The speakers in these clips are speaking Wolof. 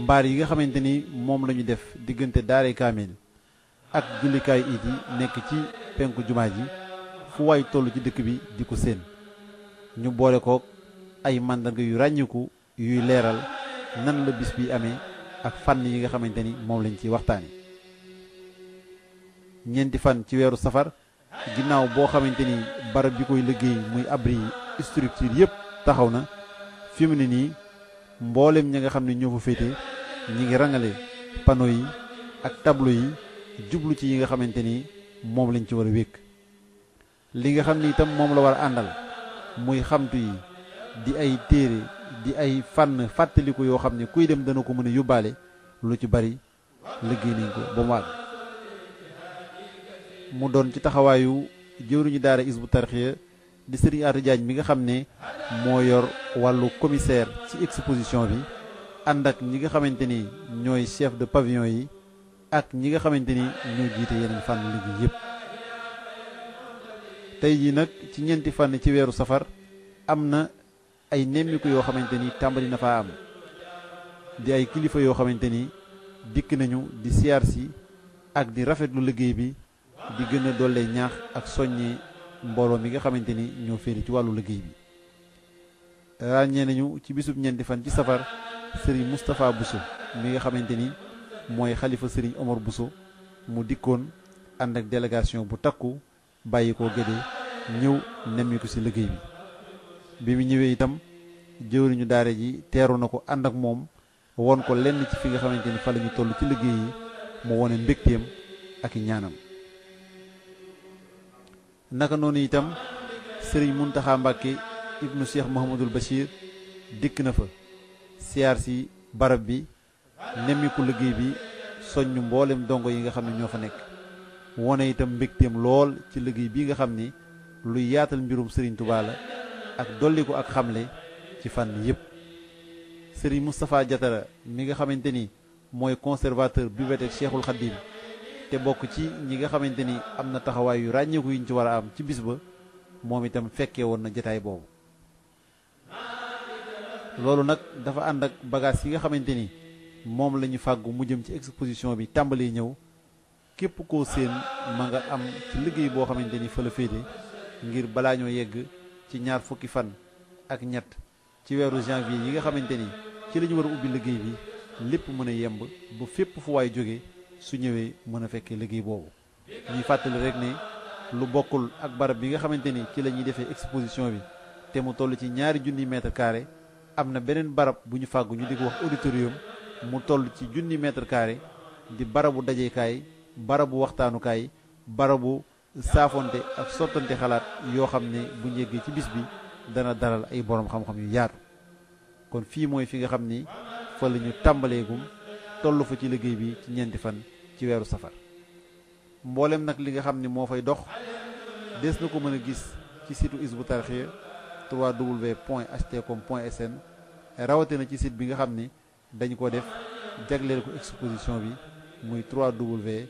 mbaar yi nga xamante ni moom la def diggante daaray kaamil ak jullikaay it yi nekk ci penku jumaa ji fu waay toll ci dëkk bi di ko séen ñu boole kook ay màndarga yu ràññiku yuy leeral nan la bis bi amee ak fànn yi nga xamante ni moom lañ ciy waxtaane ñeenti fan ci weeru safar ginnaaw boo xamante ni barab bi koy liggéey muy abri structure yépp taxaw na fi mu nii mboolem ñi nga xam ne ñoo fa féete ñi ngi rangale panneau yi ak tableau yi jublu ci yi nga xamante ni moom lañ ci war a wékk li nga xam ni itam moom la war a àndal muy xamtu yi di ay téere di ay fànn fàttaliku yoo xam ne kuy dem dana ko mën a yóbbaale lu ci bari liggéey nañ ko ba mu àgg mu doon ci taxawaayu jëwriñu daara isbu tarxiya di sëriñ Atou Diagne nga xam ne moo yor wàllu commissaire ci exposition bi ànd ak ñi nga xamante ni ñooy chef de pavillon yi ak ñi nga xamante ni ñoo jiite yeneen fànn liggéey yëpp tey jii nag ci ñeenti fànn ci weeru safar am na ay nemmiku yoo xamante ni tàmbali na faa am di ay kilifa yoo xamante ni dikk nañu di siyaar si ak di rafetlu liggéey bi di gën a dollee ñaax ak soññee mbooloo mi nga xamante ni ñoo féeri ci wàllu liggéey bi ràññee nañu ci bisub ñeenti fan ci safar sëriñ Moustapha Bousso mi nga xamante ni mooy xalifa sëriñ omor buso mu dikkoon ànd ak délégation bu takku bàyyi ko Gédé ñëw nemmiku ci liggéey bi bi mu ñëwee itam jëwriñu daare ji teeru na ko ànd ak moom won ko lenn ci fi nga xamante ni fa lañu ñu ci liggéey yi mu wone mbégteem ak ñaanam naka noonu itam sëriñ Muntaxa Mbàkke ibnu Cheikh Mahamadul Bachir dikk na fa siyaar si barab bi nemmiku liggéey bi soññ mboolem dongo yi nga xam ne ñoo fa nekk wone itam mbégteem lool ci liggéey bi nga xam ni lu yaatal mbirum Serigne Touba ak dolliku ak xamle ci fànn yépp sëriñ Moustapha Diatara mi nga xamante ni mooy conservateur bibliothèque Cheikhul Khadim te bokk ci ñi nga xamante ni am na taxawaay yu ràññeeku yuñ ci war a am ci bis ba moom itam fekkee woon na jataay boobu loolu nag dafa ànd ak bagage yi nga xamante ni moom la ñu fàggu mu jëm ci exposition bi tàmbali ñëw képp koo séen ma nga am ci liggéey boo xamante ni fa la féete ngir balaa ñoo yegg ci ñaar fukki fan ak ñett ci weeru janvier yi nga xamante ni ci lañu war a ubbi liggéey bi lépp mën a yemb ba fépp fu waay jóge su ñëwee mën a fekkee liggéey boobu ñuy fàttali rek ne lu bokkul ak barab bi nga xamante ni ci la ñuy defee exposition bi te mu toll ci ñaari junni carré am na beneen barab bu ñu fàgg ñu di ko wax auditorium mu toll ci junni mètre di barabu dajeekaay barabu waxtaanukaay barabu saafonte ak sottante xalaat yoo xam ne bu njëggee ci bis bi dana daral ay boroom xam-xam yu yaatu kon fii mooy fi nga xam ni fa lañu ñu tàmbaleegum toll fa ci liggéey bi ci ñeenti fan ci weeru safar mboolem nag li nga xam ni moo fay dox des na ko mën a gis ci situ Hizbut Tarqiyyah 3w point htcom point sn rawatina ci site bi nga xam ni dañu ko def jagleel ko exposition bi muy 3w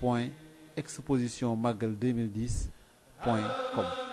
point exposition màggal 2010 point com